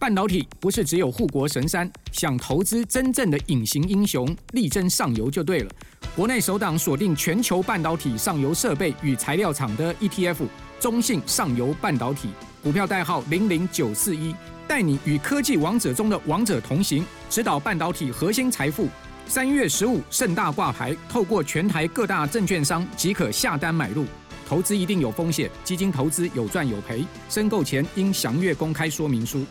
半導體不是只有護國神山，想投資真正的隱形英雄，力爭上游就對了。國內首檔鎖定全球半導體上游設備與材料廠的 ETF—— 中信上游半導體，股票代號零零九四一，帶你與科技王者中的王者同行，指導半導體核心財富。三月十五盛大掛牌，透過全台各大證券商即可下單買入。投資一定有風險，基金投資有賺有賠，申購前應詳閱公開說明書。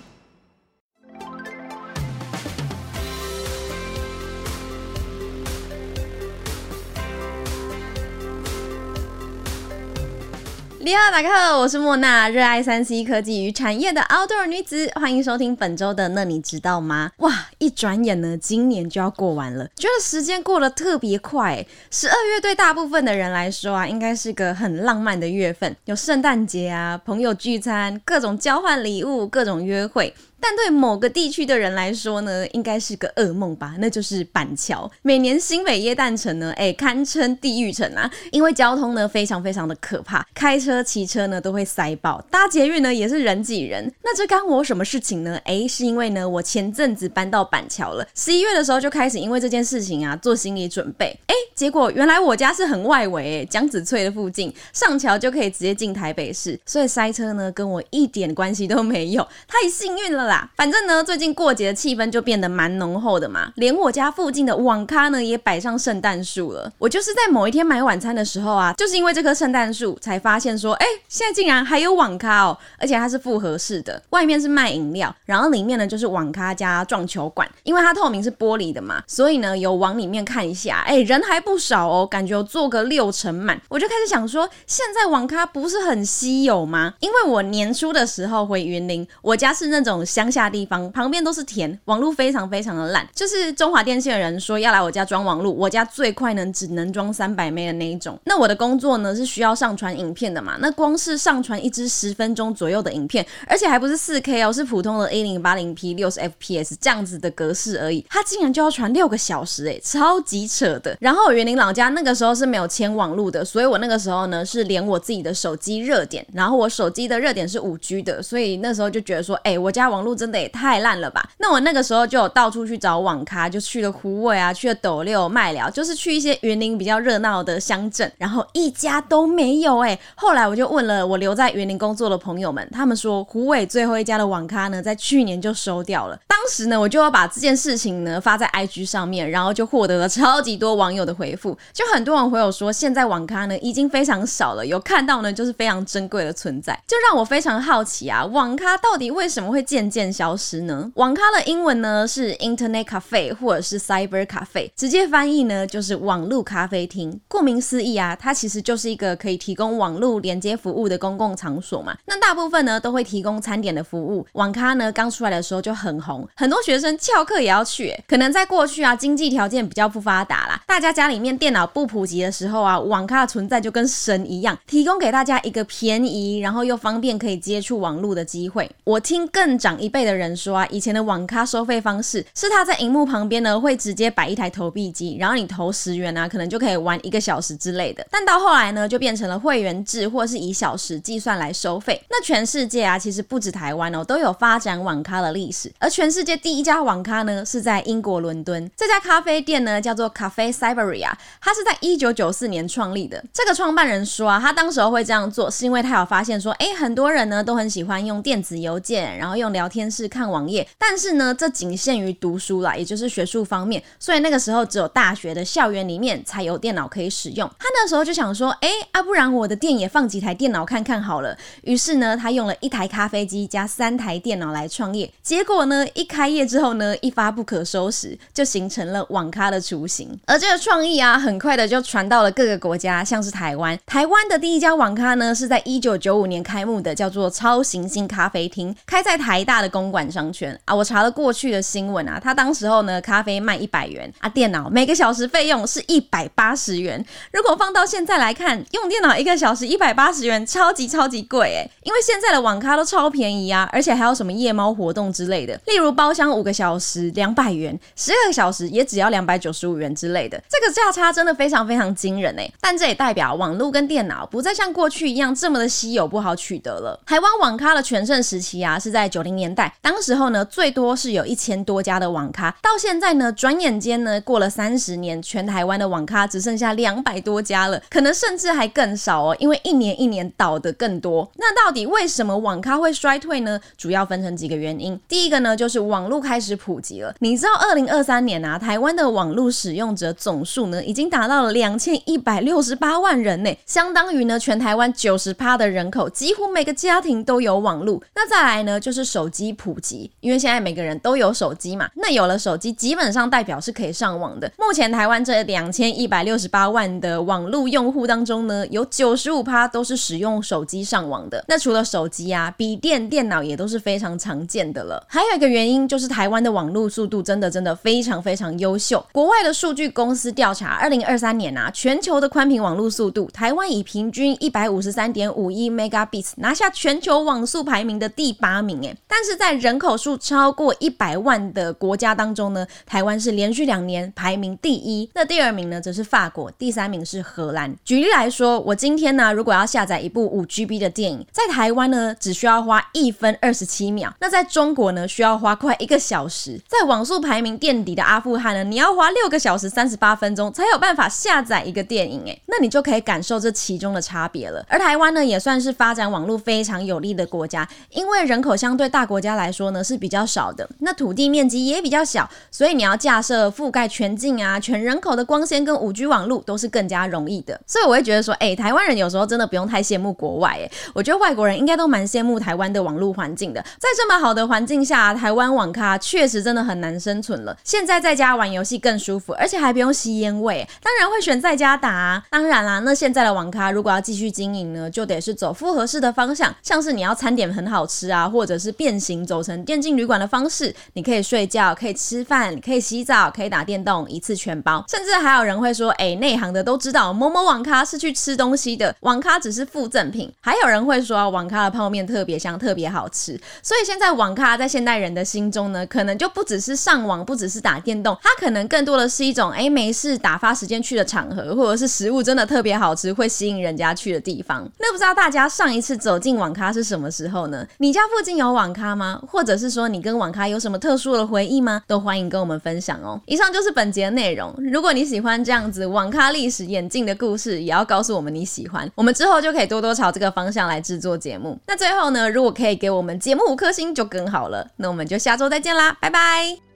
你好，大家好，我是莫娜，熱愛三 C 科技與產業的 Outdoor 女子，歡迎收聽本周的那你知道嗎？哇！一轉眼呢，今年就要過完了，覺得時間過得特別快、欸。十二月對大部分的人來說啊，應該是個很浪漫的月份，有聖誕節啊，朋友聚餐，各種交換禮物，各種約會。但對某個地區的人來說呢，應該是個噩夢吧？那就是板橋，每年新北耶誕城呢，哎、欸，堪稱地獄城啊，因為交通呢非常非常的可怕，開車、騎車呢都會塞爆，搭捷運呢也是人擠人。那這關我什麼事情呢？哎、欸，是因為呢，我前陣子搬到板橋了，十一月的時候就開始因為這件事情啊做心理準備，誒、欸，結果原來我家是很外圍、欸，江子翠的附近，上橋就可以直接進台北市，所以塞車呢跟我一點關係都沒有，太幸運了啦。反正呢，最近過節的氣氛就變得蠻濃厚的嘛，連我家附近的網咖呢也擺上聖誕樹了。我就是在某一天買晚餐的時候啊，就是因為這棵聖誕樹才發現說，誒、欸，現在竟然還有網咖哦，而且它是複合式的，外面是賣飲料，然後裡面呢就是網咖加撞球。管，因為它透明是玻璃的嘛，所以呢有往裡面看一下，哎、欸，人還不少哦，感覺有坐個六成滿，我就開始想說，現在網咖不是很稀有嗎？因為我年初的時候回雲林，我家是那種鄉下地方，旁邊都是田，網路非常非常的爛，就是中華電信的人說要來我家裝網絡，我家最快呢只能裝三百 M 的那一種。那我的工作呢是需要上傳影片的嘛，那光是上傳一支十分鐘左右的影片，而且還不是四 K 哦，是普通的一零八零 P 六十 FPS 這樣子的的格式而已，他竟然就要傳六個小時，欸，誒，超級扯的。然後雲林老家那個時候是沒有牽網絡的，所以我那個時候呢是連我自己的手機熱點，然後我手機的熱點是五 G 的，所以那時候就覺得說，哎、欸，我家網絡真的也太爛了吧？那我那個時候就有到處去找網咖，就去了虎尾啊，去了斗六、麥寮，就是去一些雲林比較熱鬧的鄉鎮，然後一家都沒有，欸，哎。後來我就問了我留在雲林工作的朋友們，他們說虎尾最後一家的網咖呢，在去年就收掉了。當時呢，我就要把這件事情呢發在 IG 上面，然後就獲得了超級多網友的回復。就很多網友會有說，現在網咖呢已經非常少了，有看到呢就是非常珍貴的存在，就讓我非常好奇啊，網咖到底為什麼會漸漸消失呢？網咖的英文呢是 Internet Cafe 或者是 Cyber Cafe，直接翻譯呢就是網路咖啡廳。顧名思義啊，它其實就是一個可以提供網絡連接服務的公共場所嘛。那大部分呢都會提供餐點的服務。網咖呢剛出來的時候就很紅。很多學生翹課也要去欸，可能在過去啊，經濟條件比較不發達啦，大家家裡面電腦不普及的時候啊，網咖的存在就跟神一樣，提供給大家一個便宜，然後又方便可以接觸網絡的機會。我聽更長一輩的人說啊，以前的網咖收費方式是他在螢幕旁邊呢會直接擺一台投幣機，然後你投十元啊，可能就可以玩一個小時之類的。但到後來呢，就變成了會員制，或是以小時計算來收費。那全世界啊，其實不止台灣哦，都有發展網咖的歷史，而全世。這第一家網咖呢，是在英國倫敦，這家咖啡店呢叫做咖啡 Cyberia，它是在一九九四年創立的。這個創辦人說、啊，他當時候會這樣做，是因為他有發現說，誒、欸，很多人呢都很喜歡用電子郵件，然後用聊天室看網頁，但是呢，這僅限於讀書啦，也就是學術方面，所以那個時候只有大學的校園裡面才有電腦可以使用。他那時候就想說，哎、欸，啊，不然我的店也放幾台電腦看看好了。於是呢，他用了一台咖啡機加三台電腦來創業。結果呢，一開開業之後呢，一發不可收拾，就形成了網咖的雛形。而這個創意啊，很快的就傳到了各個國家，像是台灣。台灣的第一家網咖呢，是在一九九五年開幕的，叫做“超行星咖啡廳”，開在台大的公館商圈啊。我查了過去的新聞啊，它當時候呢，咖啡賣一百元啊，電腦每個小時費用是一百八十元。如果放到現在來看，用電腦一個小時一百八十元，超級超級貴欸！因為現在的網咖都超便宜啊，而且還有什麼夜貓活動之類的，例如。包廂五個小時兩百元，十二個小時也只要兩百九十五元之類的，這個價差真的非常非常驚人欸！但這也代表網路跟電腦不再像過去一樣這麼的稀有不好取得了。台灣網咖的全盛時期啊，是在九零年代，當時候呢，最多是有一千多家的網咖，到現在呢轉眼間呢，過了三十年，全台灣的網咖只剩下兩百多家了，可能甚至還更少哦，因為一年一年倒得更多。那到底為什麼網咖會衰退呢？主要分成幾個原因，第一個呢就是。網絡開始普及了，你知道二零二三年啊，台灣的網絡使用者總數呢，已經達到了兩千一百六十八萬人呢，相當於呢全台灣九十趴的人口，幾乎每個家庭都有網絡。那再來呢，就是手機普及，因為現在每個人都有手機嘛，那有了手機，基本上代表是可以上網的。目前台灣這兩千一百六十八萬的網絡用戶當中呢，有九十五趴都是使用手機上網的。那除了手機啊，筆電、電腦也都是非常常見的了。還有一個原因。就是台灣的網絡速度真的真的非常非常優秀。國外的數據公司調查，二零二三年啊，全球的寬頻網絡速度，台灣以平均一百五十三點五一 Mbps 拿下全球網速排名的第八名、欸。但是在人口數超過一百萬的國家當中呢，台灣是連續兩年排名第一。那第二名呢，則是法國，第三名是荷蘭。舉例來說，我今天呢、啊，如果要下載一部五 GB 的電影，在台灣呢，只需要花一分二十七秒。那在中國呢，需要花。快一個小時，在網速排名墊底的阿富汗呢，你要花六個小時三十八分鐘才有辦法下載一個電影、欸，誒，那你就可以感受這其中的差別了。而台灣呢，也算是發展網絡非常有利的國家，因為人口相對大國家來說呢是比較少的，那土地面積也比較小，所以你要架設覆蓋全境啊、全人口的光纖跟五 G 網絡都是更加容易的。所以我會覺得說，誒、欸，台灣人有時候真的不用太羨慕國外、欸，誒，我覺得外國人應該都蠻羨慕台灣的網絡環境的。在這麼好的環境下、啊，台灣。網咖確實真的很難生存了，現在在家玩遊戲更舒服，而且還不用吸煙味，當然會選在家打、啊。當然啦、啊，那現在的網咖如果要繼續經營呢，就得是走複合式的方向，像是你要餐點很好吃啊，或者是變形走成電競旅館的方式，你可以睡覺，可以吃飯，可以洗澡，可以打電動，一次全包。甚至還有人會說，哎、欸，內行的都知道，某某網咖是去吃東西的，網咖只是附贈品。還有人會說，網咖的泡麵特別香，特別好吃。所以現在網咖在現代人的心中呢，可能就不只是上網，不只是打電動，它可能更多的是一種誒、欸，沒事打發時間去的場合，或者是食物真的特別好吃會吸引人家去的地方。那不知道大家上一次走進網咖是什麼時候呢？你家附近有網咖嗎？或者是說你跟網咖有什麼特殊的回憶嗎？都歡迎跟我們分享哦。以上就是本節的內容。如果你喜歡這樣子網咖歷史演進的故事，也要告訴我們你喜歡，我們之後就可以多多朝這個方向來制作節目。那最後呢，如果可以給我們節目五顆星就更好了。那我們就下。下週再見啦，拜拜。